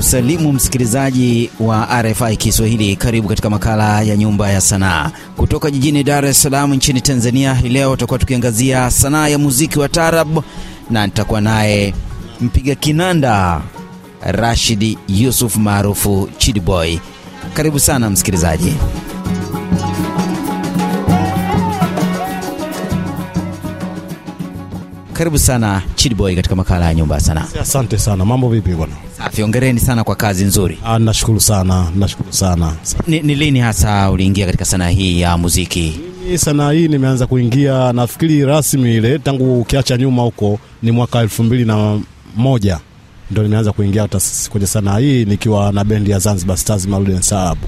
kusalimu msikilizaji wa RFI Kiswahili. Karibu katika makala ya Nyumba ya Sanaa kutoka jijini Dar es Salaam nchini Tanzania. Hii leo tutakuwa tukiangazia sanaa ya muziki wa tarab, na nitakuwa naye mpiga kinanda Rashidi Yusuf maarufu chidboy Karibu sana msikilizaji. Karibu sana Chidboy katika makala ya nyumba ya sanaa. Asante sana. Mambo vipi bwana? Safi, ongereni sana kwa kazi nzuri. Ah, nashukuru sana, nashukuru sana. Ni, ni lini hasa uliingia katika sanaa hii ya muziki? Mimi sanaa hii nimeanza kuingia nafikiri rasmi ile tangu ukiacha nyuma huko ni mwaka elfu mbili na moja ndio nimeanza kuingia hata kwenye sanaa hii nikiwa na bendi ya Zanzibar Stars Maulid Saabu.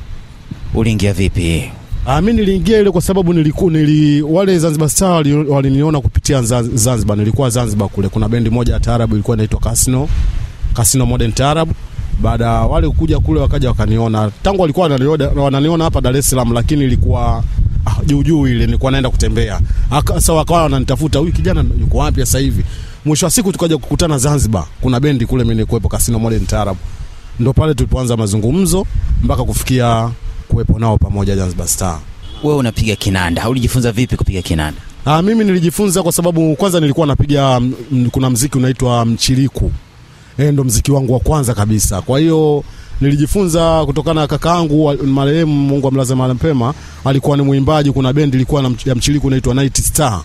Uliingia vipi? Ah, mimi niliingia ile kwa sababu niliku, nili wale Zanzibar Star waliniona kupitia Zanzibar. Nilikuwa Zanzibar kule kuna bendi moja ya taarabu ilikuwa inaitwa Casino. Casino Modern Taarab. Baada wale kuja kule wakaja wakaniona. Tangu walikuwa wananiona hapa Dar es Salaam lakini ilikuwa ah, juu juu ile nilikuwa naenda kutembea. Sasa wakawa wananitafuta, huyu kijana yuko wapi sasa hivi? Mwisho wa siku tukaja kukutana Zanzibar. Kuna bendi kule mimi nilikuwepo Casino Modern Taarab. Ndio pale tulipoanza mazungumzo mpaka kufikia kuwepo nao pamoja Zanzibar Star. Wewe unapiga kinanda, ulijifunza vipi kupiga kinanda? Aa, ah, mimi nilijifunza kwa sababu kwanza nilikuwa napiga mm, kuna mziki unaitwa mchiriku mm, e, eh, ndo mziki wangu wa kwanza kabisa. Kwa hiyo nilijifunza kutokana na kakaangu marehemu, Mungu amlaze mahali pema, alikuwa ni mwimbaji. Kuna bendi ilikuwa ya mchiriku inaitwa Night Star.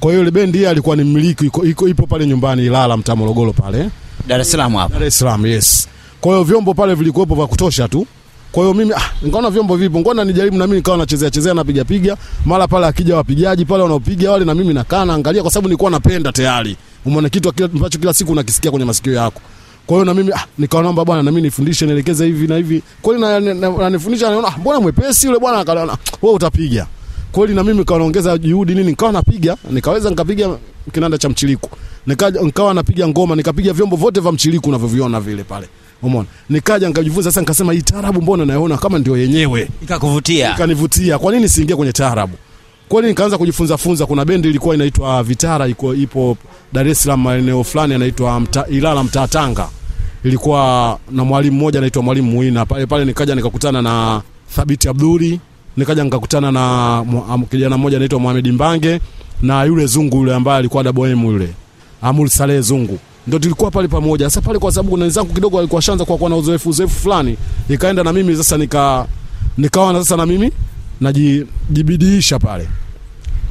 Kwa hiyo ile bendi yeye alikuwa ni mmiliki, iko ipo pale nyumbani Ilala, mtaa Morogoro pale, Dar es Salaam hapa Dar es Salaam, yes. Kwa hiyo vyombo pale vilikuwepo vya kutosha tu kwa hiyo mimi ah, nikaona vyombo vipo, ngona nijaribu na mimi nikawa nachezea chezea na piga. piga, Mara pale akija wapigaji pale wanaopiga wale na mimi nakaa naangalia kwa sababu nilikuwa napenda tayari. Umeona kitu ambacho kila siku unakisikia kwenye masikio yako. Kwa hiyo na mimi ah, nikawa naomba bwana na mimi nifundishe nielekeze hivi na hivi. Kweli na na, anaona ah, mbona mwepesi yule bwana akaona ah, wewe utapiga. Kweli na mimi nikawa naongeza juhudi nini nikawa napiga, nikaweza nikapiga kinanda cha mchiliku, Nikawa napiga ngoma, nikapiga vyombo vyote vya mchiliku unavyoviona vile pale. Umeona? Nikaja nikajifunza sasa nikasema hii taarabu mbona naiona kama ndio yenyewe. Ikakuvutia. Ikanivutia. Kwa nini siingie kwenye taarabu? Kwa nini nikaanza kujifunza funza kuna bendi ilikuwa inaitwa Vitara iko ipo Dar es Salaam maeneo fulani anaitwa mta, Ilala Mtatanga. Ilikuwa na mwalimu mmoja anaitwa Mwalimu Muina. Pale pale nikaja nikakutana na Thabiti Abduli, nikaja nikakutana na kijana mmoja anaitwa Mohamed Mbange na yule zungu yule ambaye alikuwa double M yule. Amul Saleh Zungu ndio tulikuwa pale pamoja. Sasa pale, kwa sababu kuna wenzangu kidogo walikuwa shanza kwa kuwa na uzoefu uzoefu fulani, ikaenda na mimi sasa nika nikawa na sasa na mimi najibidiisha pale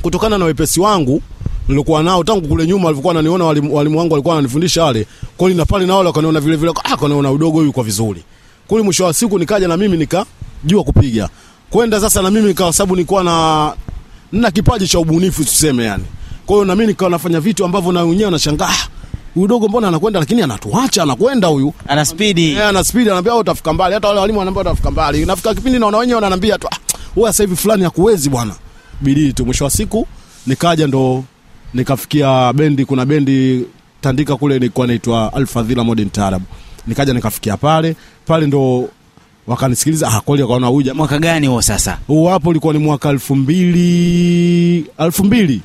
kutokana na wepesi wangu nilikuwa nao tangu kule nyuma, walivyokuwa wananiona walimu, walimu wangu walikuwa wananifundisha wale kweli, na pale nao wakaniona vile vile, ah, kanaona udogo huyu kwa vizuri kuli. Mwisho wa siku nikaja na mimi nikajua kupiga kwenda sasa, na mimi kwa sababu nilikuwa na nina kipaji cha ubunifu tuseme, yani kwa hiyo na mimi nikawa nafanya vitu ambavyo na wenyewe nashangaa ah, huyu dogo mbona anakwenda, lakini anatuacha anakwenda huyu, ana spidi eh, ana spidi, anaambia wewe utafika mbali. Hata wale walimu wanaambia utafika mbali. Nafika kipindi naona wenyewe wananiambia tu, ah wewe sasa hivi fulani hakuwezi bwana, bidii tu. Mwisho wa siku nikaja ndo nikafikia bendi, kuna bendi Tandika kule ilikuwa naitwa Alfadhila Modern tarab nikaja nikafikia pale pale ndo wakanisikiliza ah, kweli wakaona huja Mwaka gani huo sasa? Huo hapo ulikuwa ni mwaka elfu mbili elfu mbili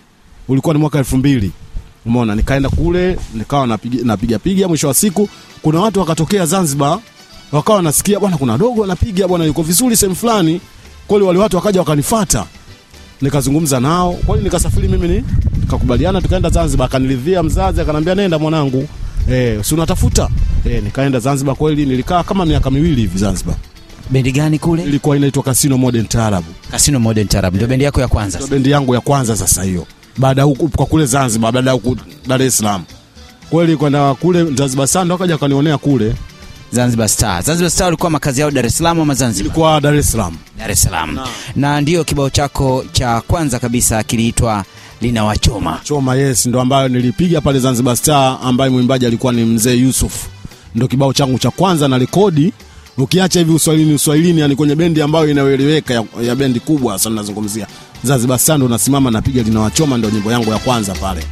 ulikuwa ni mwaka elfu mbili Umeona, nikaenda kule nikawa napiga piga, mwisho wa siku kuna watu wakatokea Zanzibar, wakawa wanasikia bwana, kuna dogo anapiga bwana, yuko vizuri sehemu fulani. Kweli wale watu wakaja wakanifuata, nikazungumza nao, kweli nikasafiri mimi ni nikakubaliana, tukaenda Zanzibar. Akaniridhia mzazi, akanambia nenda mwanangu, eh, si unatafuta eh. Nikaenda Zanzibar, kweli nilikaa kama miaka miwili hivi Zanzibar. Bendi gani kule? Ilikuwa inaitwa Casino Modern Taarab. Casino Modern Taarab ndio eh, bendi yako ya kwanza? Ndio bendi yangu ya kwanza sasa hiyo baada huku kwa kule Zanzibar, baada huku Dar es Salaam. Kweli kwenda kule Zanzibar ndo akaja akanionea kule Zanzibar Star. Zanzibar Star walikuwa makazi yao Dar es Salaam ama Zanzibar? Ilikuwa Dar es Salaam. Dar es Salaam. Na, na ndio kibao chako cha kwanza kabisa kiliitwa linawachoma. Choma, yes, ndo ambayo nilipiga pale Zanzibar Star ambaye mwimbaji alikuwa ni Mzee Yusuf. Ndo kibao changu cha kwanza na rekodi ukiacha hivi uswahilini uswahilini yani kwenye bendi ambayo inayoeleweka ya, ya bendi kubwa sana nazungumzia zanzibar sando nasimama napiga linawachoma ndo nyimbo yangu ya kwanza pale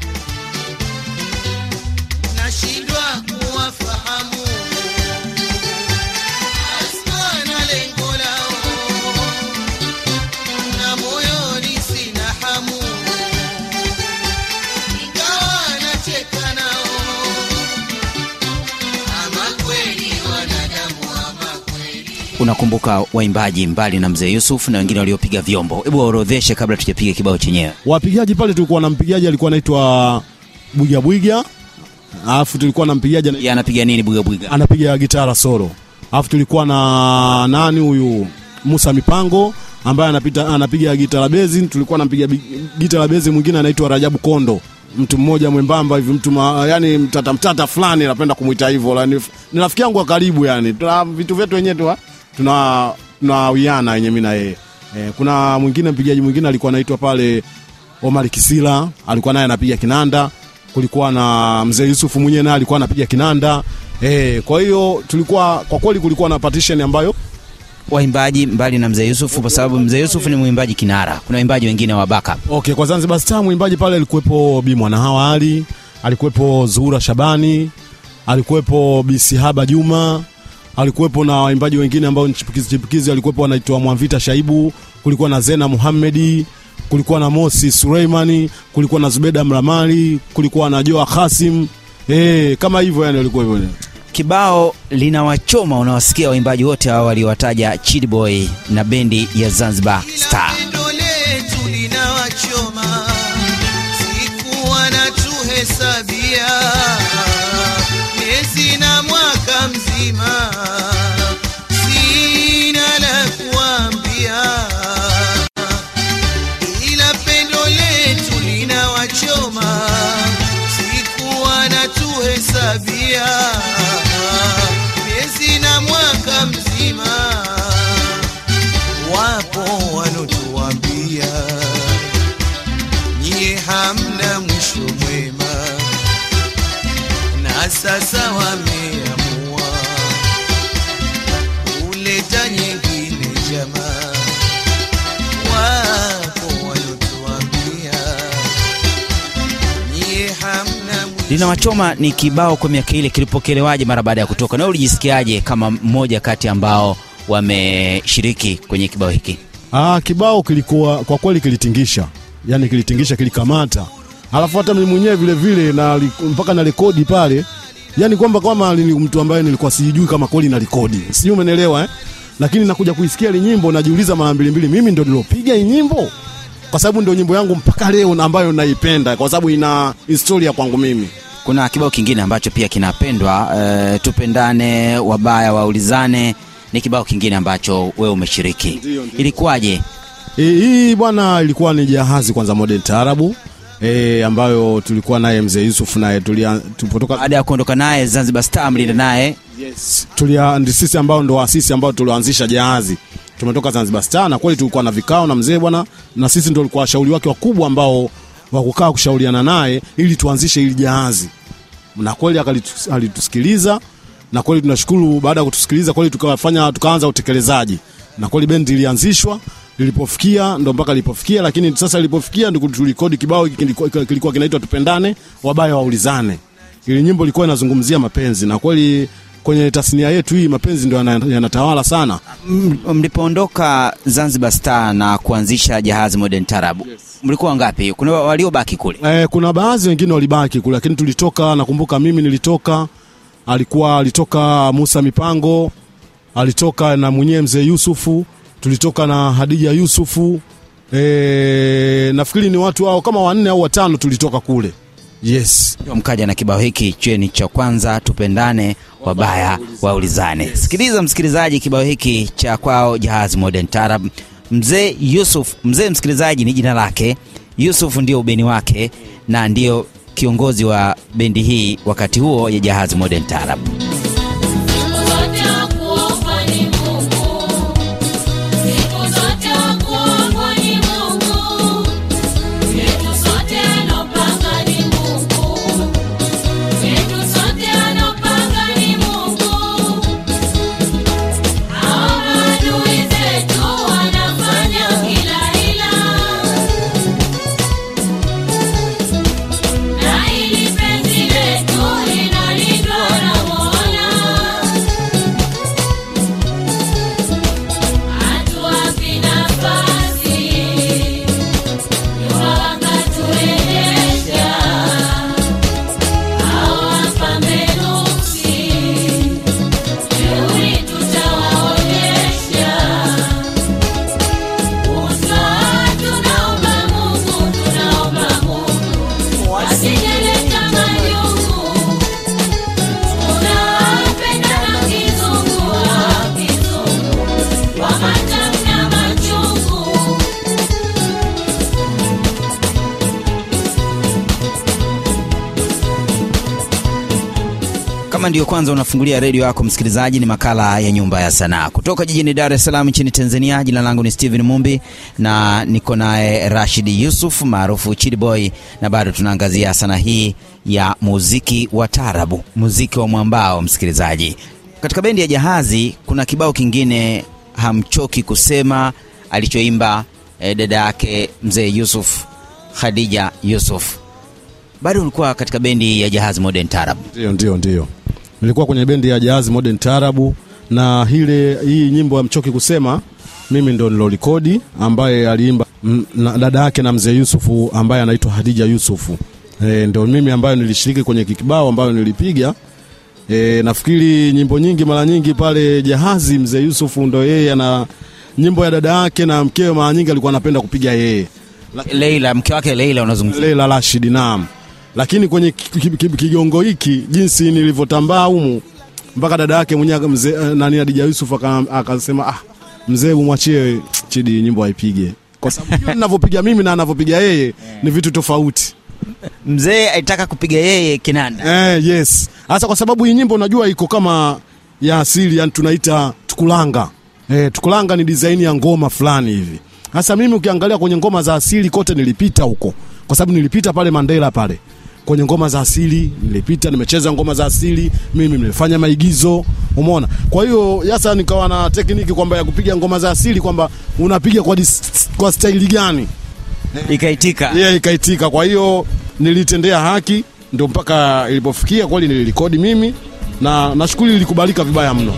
unakumbuka waimbaji mbali na mzee Yusuf na wengine waliopiga vyombo? Hebu waorodheshe kabla tujapiga kibao chenyewe. Wapigaji pale tulikuwa na mpigaji alikuwa anaitwa Bwiga Bwiga, alafu tulikuwa na mpigaji na... anapiga nini Bwiga Bwiga? Anapiga gitara solo. Alafu tulikuwa na nani huyu Musa Mipango ambaye anapita anapiga gitara bezi. Tulikuwa anampiga gitara bezi mwingine anaitwa Rajabu Kondo, mtu mmoja mwembamba hivi, mtu ma, yani mtata mtata fulani, napenda kumuita hivyo, ni rafiki yangu wa karibu, yani vitu vyetu wenyewe tu tuna tunawiana yenye mimi na yeye e, kuna mwingine mpigaji mwingine alikuwa anaitwa pale Omar Kisila alikuwa naye anapiga kinanda kulikuwa na mzee Yusufu mwenyewe naye alikuwa anapiga kinanda e, kwa hiyo tulikuwa kwa kweli kulikuwa na partition ambayo waimbaji mbali na mzee Yusuf kwa sababu mzee Yusuf ni mwimbaji kinara. Kuna waimbaji wengine wa baka Okay, kwa Zanzibar Star mwimbaji pale alikuwepo Bi Mwanahawa Ali, alikuwepo Zuhura Shabani, alikuwepo Bisihaba Juma, alikuwepo na waimbaji wengine ambao ni chipukizi chipukizi, alikuwepo anaitwa Mwamvita Shaibu, kulikuwa na Zena Muhammedi, kulikuwa na Mosi Suleimani, kulikuwa na Zubeda Mramali, kulikuwa na Joa Kasim. Eh, kama hivyo yani walikuwa hivyo. Kibao linawachoma unawasikia waimbaji wote hao waliowataja chidboy na bendi ya Zanzibar Star. wachoma ni kibao kwa miaka ile, kilipokelewaje mara baada ya kutoka, na ulijisikiaje kama mmoja kati ambao wameshiriki kwenye kibao hiki? Aa, ah, kibao kilikuwa kwa kweli kilitingisha, yani kilitingisha, kilikamata. Alafu hata mimi mwenyewe vile vile na mpaka na rekodi pale, yani kwamba kama ni mtu ambaye nilikuwa sijui kama kweli na rekodi, sijui umeelewa eh? Lakini nakuja kuisikia ile nyimbo, najiuliza mara mbili mbili, mimi ndo nilopiga hii nyimbo kwa sababu ndio nyimbo yangu mpaka leo ambayo naipenda, kwa sababu ina historia kwangu mimi kuna kibao kingine ambacho pia kinapendwa uh, tupendane wabaya waulizane ni kibao kingine ambacho wewe umeshiriki ndiyo, ndiyo. ilikuwaje e, hii bwana ilikuwa ni jahazi kwanza model taarabu E, ambayo tulikuwa naye mzee Yusuf naye tulipotoka baada ya kuondoka naye Zanzibar Star mlinda naye yes. Tulia sisi ambao ndo waasisi ambao tulioanzisha jahazi tumetoka Zanzibar Star, na kweli tulikuwa na vikao na mzee bwana, na sisi ndo tulikuwa washauri wake wakubwa ambao wa kukaa kushauriana naye ili tuanzishe hili jahazi na kweli alitusikiliza, na kweli tunashukuru. Baada ya kutusikiliza kweli, tukafanya tukaanza utekelezaji, na kweli bendi ilianzishwa lilipofikia ndo mpaka lilipofikia. Lakini sasa lilipofikia ndio tulirekodi kibao kilikuwa kinaitwa Tupendane wabaya waulizane. Ile nyimbo ilikuwa inazungumzia mapenzi na kweli kwenye tasnia yetu hii mapenzi ndio yanatawala sana. Mlipoondoka Zanzibar Star na kuanzisha Jahazi Modern Taarab, yes. Mlikuwa ngapi? Kuna waliobaki kule? Eh, kuna baadhi wengine walibaki kule, lakini tulitoka. Nakumbuka mimi nilitoka, alikuwa alitoka Musa Mipango, alitoka na mwenyewe mzee Yusufu, tulitoka na Hadija Yusufu. E, nafikiri ni watu hao kama wanne au watano tulitoka kule. Yes. Ndio mkaja na kibao hiki cheni cha kwanza tupendane wabaya waulizane. Sikiliza msikilizaji, kibao hiki cha kwao Jahazi Modern Tarab. Mzee Yusuf, mzee msikilizaji ni jina lake. Yusuf ndio ubeni wake na ndio kiongozi wa bendi hii wakati huo ya Jahazi Modern Tarab. kama ndiyo kwanza unafungulia redio yako msikilizaji, ni makala ya Nyumba ya Sanaa kutoka jijini Dar es Salaam nchini Tanzania. Jina langu ni stehen Mumbi na niko naye rashid Yusuf maarufu Chidiboy, na bado tunaangazia sanaa hii ya muziki wa tarabu, muziki wa mwambao. Msikilizaji, katika bendi ya Jahazi kuna kibao kingine hamchoki kusema alichoimba eh, dada yake mzee Yusuf, Khadija Yusuf. Bado ulikuwa katika bendi ya Jahazi Modern Tarab? Ndio, ndio, ndio nilikuwa kwenye bendi ya Jazz Modern Tarabu, na hile hii nyimbo ya Mchoki kusema mimi ndo nilolikodi, ambaye aliimba dada yake na mzee Yusufu ambaye anaitwa Hadija Yusufu. E, ndo mimi ambayo nilishiriki kwenye kikibao ambayo nilipiga. E, nafikiri nyimbo nyingi mara nyingi pale Jahazi mzee Yusufu ndo yeye ana nyimbo ya dada yake na mkewe, mara nyingi alikuwa anapenda kupiga yeye. Leila, mke wake Leila unazungumzia Leila Rashid, naam lakini kwenye kigongo hiki jinsi nilivyotambaa humu mpaka dada yake mwenyewe mzee eh, nani Adija Yusuf akasema ah, mzee umwachie Chidi nyimbo aipige, kwa sababu ninavyopiga mimi na anavyopiga yeye ni vitu tofauti. Mzee aitaka kupiga yeye kinanda eh, yes. Hasa kwa sababu hii nyimbo unajua iko kama ya asili, yani tunaita tukulanga eh, tukulanga ni design ya ngoma fulani hivi. Hasa mimi ukiangalia kwenye ngoma za asili kote nilipita huko, kwa sababu nilipita pale Mandela pale kwenye ngoma za asili, nilipita nimecheza ngoma za asili mimi, nimefanya maigizo, umeona. Kwa hiyo yasa nikawa na tekniki kwamba ya kupiga ngoma za asili kwamba unapiga kwa, kwa staili gani, ikaitika yeah, ikaitika. Kwa hiyo nilitendea haki, ndio mpaka ilipofikia kweli nilirekodi mimi, na nashukuru ilikubalika vibaya mno.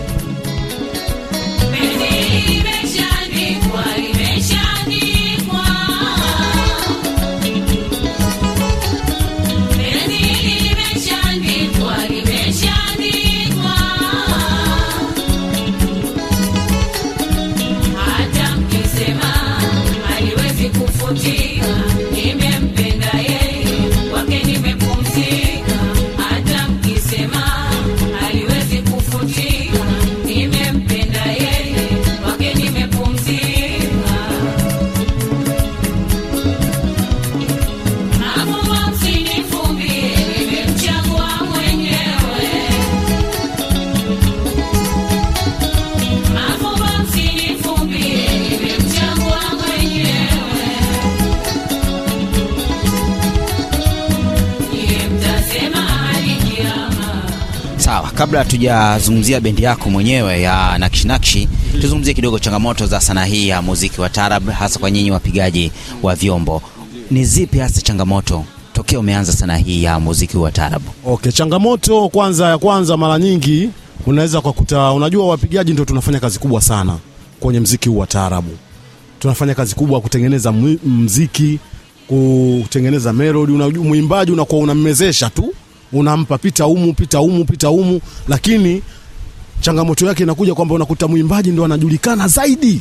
kabla tujazungumzia bendi yako mwenyewe ya nakshi nakshi tuzungumzie kidogo changamoto za sanaa hii ya muziki wa tarab, hasa kwa nyinyi wapigaji wa vyombo. Ni zipi hasa changamoto tokea umeanza sanaa hii ya muziki wa tarab? Okay, changamoto kwanza, ya kwanza mara nyingi unaweza kukuta, unajua wapigaji ndio tunafanya kazi kubwa sana kwenye mziki huu wa taarabu. Tunafanya kazi kubwa kutengeneza mziki, kutengeneza melody. Unajua mwimbaji unakuwa unamezesha tu unampa pita humu, pita humu, pita humu, lakini changamoto yake inakuja kwamba unakuta mwimbaji ndo anajulikana zaidi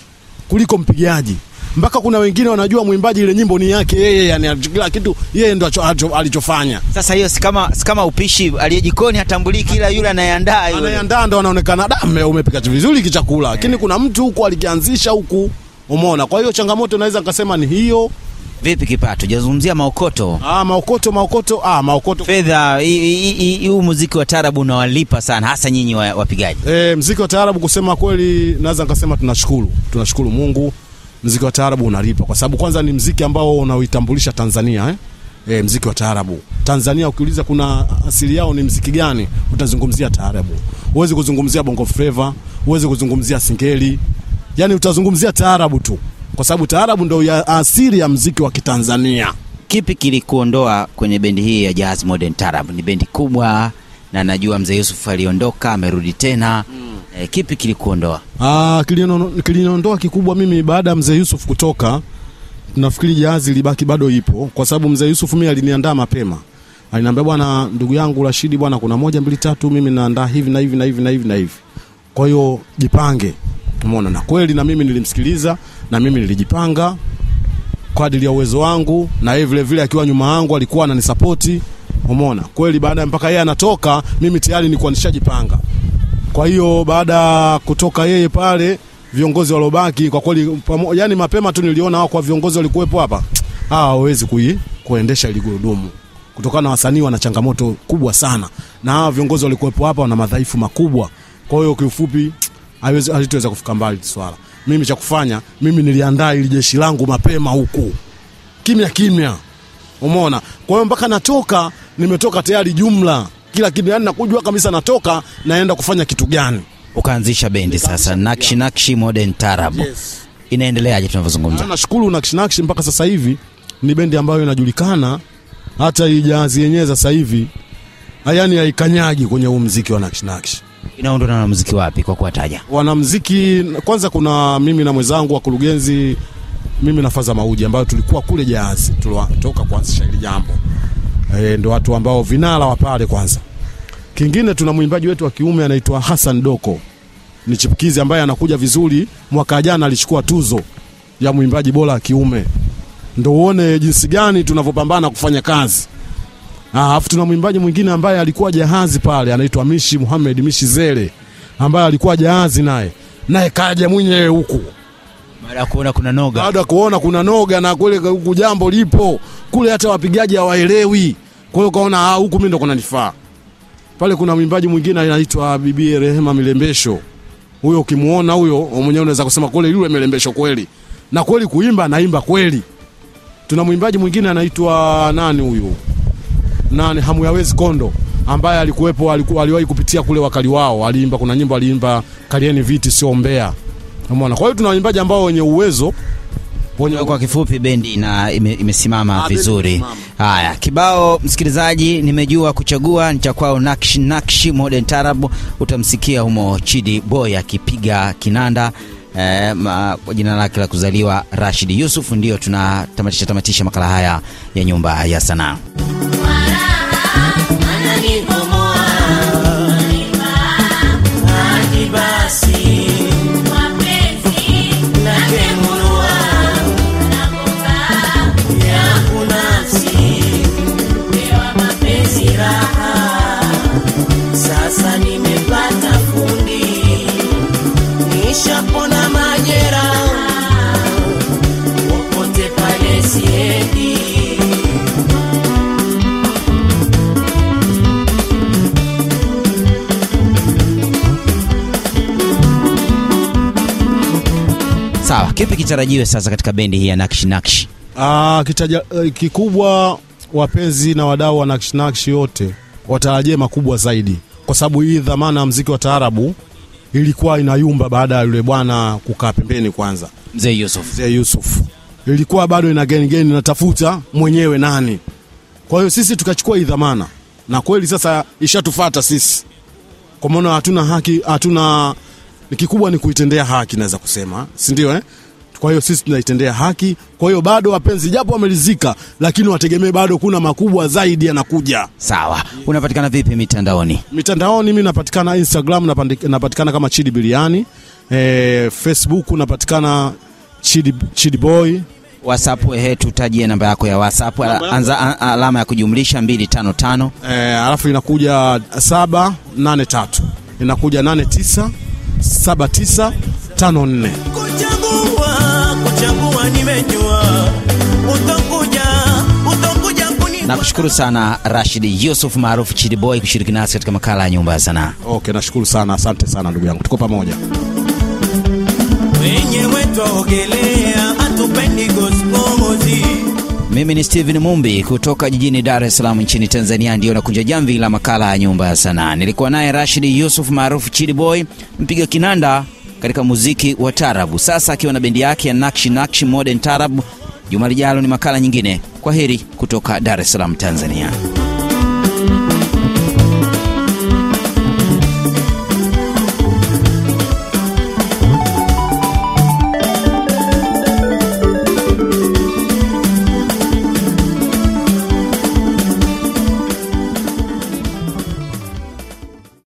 kuliko mpigaji mpaka kuna wengine wanajua mwimbaji ile nyimbo ni yake yeye, yani kila kitu yeye ndo alichofanya. Sasa hiyo si kama si kama upishi, aliyejikoni hatambuliki, ila yule anayeandaa yule anayeandaa ndo anaonekana dame, umepika vizuri kichakula, lakini yeah. kuna mtu huko alikianzisha huku, umeona. Kwa hiyo changamoto naweza nikasema ni hiyo. Vipi kipato? Jazungumzia maokoto. Ah, maokoto, maokoto, ah, maokoto. Fedha huu muziki wa taarabu unawalipa sana hasa nyinyi wapigaji. Wa eh, muziki wa taarabu kusema kweli naweza nikasema tunashukuru. Tunashukuru Mungu. Muziki wa taarabu unalipa kwa sababu kwanza ni muziki ambao unaoitambulisha Tanzania eh? E, eh, mziki wa taarabu Tanzania, ukiuliza kuna asili yao ni mziki gani, utazungumzia taarabu. Huwezi kuzungumzia bongo flava, huwezi kuzungumzia singeli, yani utazungumzia taarabu tu kwa sababu taarabu ndo ya asili ya mziki wa Kitanzania. Kipi kilikuondoa kwenye bendi hii ya Jazz Modern tarab Ni bendi kubwa na najua mzee Yusuf aliondoka amerudi tena mm. E, kipi kilikuondoa? Ah, kiliniondoa kikubwa mimi baada ya mzee Yusuf kutoka, nafikiri jazi ilibaki bado ipo, kwa sababu mzee Yusuf mimi aliniandaa mapema, aliniambia bwana, ndugu yangu Rashidi, bwana kuna moja mbili tatu, mimi naandaa hivi na hivi na hivi na hivi na hivi, kwa hiyo jipange. Umeona, na kweli na mimi nilimsikiliza na mimi nilijipanga kwa ajili ya uwezo wangu, na yeye vile vile akiwa nyuma yangu alikuwa ananisapoti. Umeona kweli, baada mpaka yeye anatoka, mimi tayari nilikuwa nishajipanga. Kwa hiyo baada kutoka yeye pale, viongozi waliobaki kwa kweli, yani mapema tu niliona hao kwa viongozi walikuwepo hapa, hawa hawezi kui, kuendesha ile gurudumu kutokana na wasanii wana changamoto kubwa sana, na hawa viongozi walikuwepo hapa wana madhaifu makubwa. Kwa hiyo kiufupi, halitoweza kufika mbali swala mimi cha kufanya mimi niliandaa ili jeshi langu mapema huku kimya kimya, umeona. Kwa hiyo mpaka natoka, nimetoka tayari jumla kila kitu, yani nakujua kabisa natoka naenda kufanya kitu gani. Ukaanzisha bendi sasa, Nakshi Nakshi Modern Tarab, yes. Inaendeleaje tunavyozungumza? Nashukuru Nakshi Nakshi mpaka sasa hivi ni bendi ambayo inajulikana, hata ijazi yenyewe sasa hivi yani haikanyagi kwenye huu mziki wa Nakshi Nakshi inaundwa na wanamuziki wapi kwa kuwataja wanamuziki? Kwanza kuna mimi na mwenzangu wakurugenzi, mimi na faza Mauji ambayo tulikuwa kule Jahazi, tulitoka kuanzisha hili jambo e, eh, ndo watu ambao vinala wa pale. Kwanza kingine tuna mwimbaji wetu wa kiume anaitwa Hassan Doko, ni chipukizi ambaye anakuja vizuri. Mwaka jana alichukua tuzo ya mwimbaji bora wa kiume. Ndo uone jinsi gani tunavyopambana kufanya kazi Alafu ah, tuna mwimbaji mwingine ambaye alikuwa jahazi pale anaitwa Mishi Muhammad Mishi Zele ambaye alikuwa jahazi naye naye kaja mwenyewe huku baada kuona kuna noga, baada kuona kuna noga na kule huku jambo lipo kule, hata wapigaji hawaelewi. Kwa hiyo kaona ah, huku mimi ndo kuna nifaa pale. Kuna mwimbaji mwingine anaitwa Bibi Rehema Milembesho, huyo ukimuona huyo mwenyewe unaweza kusema kule yule Milembesho kweli, na kweli kuimba naimba kweli. Tuna mwimbaji mwingine anaitwa nani huyu nani hamuyawezi Kondo ambaye alikuwepo, aliwahi kupitia kule wakali wao, aliimba kuna nyimbo aliimba kalieni viti sio mbea. Umeona? Kwa hiyo tuna waimbaji ambao wenye uwezo wenye kwa kifupi bendi na ime, imesimama ha, ah, vizuri. Haya, kibao msikilizaji, nimejua kuchagua ni cha kwao Nakshi Nakshi Modern Tarab, utamsikia humo Chidi Boy akipiga kinanda eh, kwa jina lake la kuzaliwa Rashid Yusuf. Ndio tunatamatisha tamatisha makala haya ya Nyumba ya Sanaa. Kipi kitarajiwe sasa katika bendi hii ya Nakshi Nakshi? Ah, kitaja uh, kikubwa, wapenzi na wadau wa Nakshi Nakshi wote watarajie makubwa zaidi, kwa sababu hii dhamana ya muziki wa taarabu ilikuwa inayumba baada ya yule bwana kukaa pembeni kwanza, Mzee Yusuf. Mzee Yusuf ilikuwa bado ina geni geni, natafuta mwenyewe nani. Kwa hiyo sisi tukachukua hii dhamana, na kweli sasa ishatufata sisi, kwa maana hatuna haki, hatuna kikubwa ni kuitendea haki, naweza kusema si ndio eh? Kwa hiyo sisi tunaitendea haki. Kwa hiyo bado wapenzi, japo wamelizika, lakini wategemee bado kuna makubwa zaidi yanakuja. Sawa, unapatikana vipi mitandaoni? Mitandaoni mimi napatikana Instagram, napatikana kama Chidi Biliani. E, Facebook napatikana Chidi, Chidi Boy WhatsApp ehe, tutajie namba yako ya WhatsApp, anza alama ya kujumlisha 255 eh, alafu inakuja 783 inakuja 89 7954. Kuchagua Nakushukuru sana Rashid Yusuf maarufu chidiboy kushiriki nasi katika makala ya nyumba ya sanaa. Okay, nashukuru sana, asante sana ndugu yangu, tuko pamoja. Wenyewe twaogelea, hatupendi gospel mimi ni stephen Mumbi kutoka jijini Dar es Salaam nchini Tanzania, ndiyo nakunja jamvi la makala ya Nyumba ya Sanaa. Nilikuwa naye Rashidi Yusuf maarufu Chidi Boy, mpiga kinanda katika muziki wa tarabu, sasa akiwa na bendi yake ya Nakshi Nakshi Modern Tarabu. Juma lijalo ni makala nyingine. Kwa heri kutoka Dar es Salaam, Tanzania.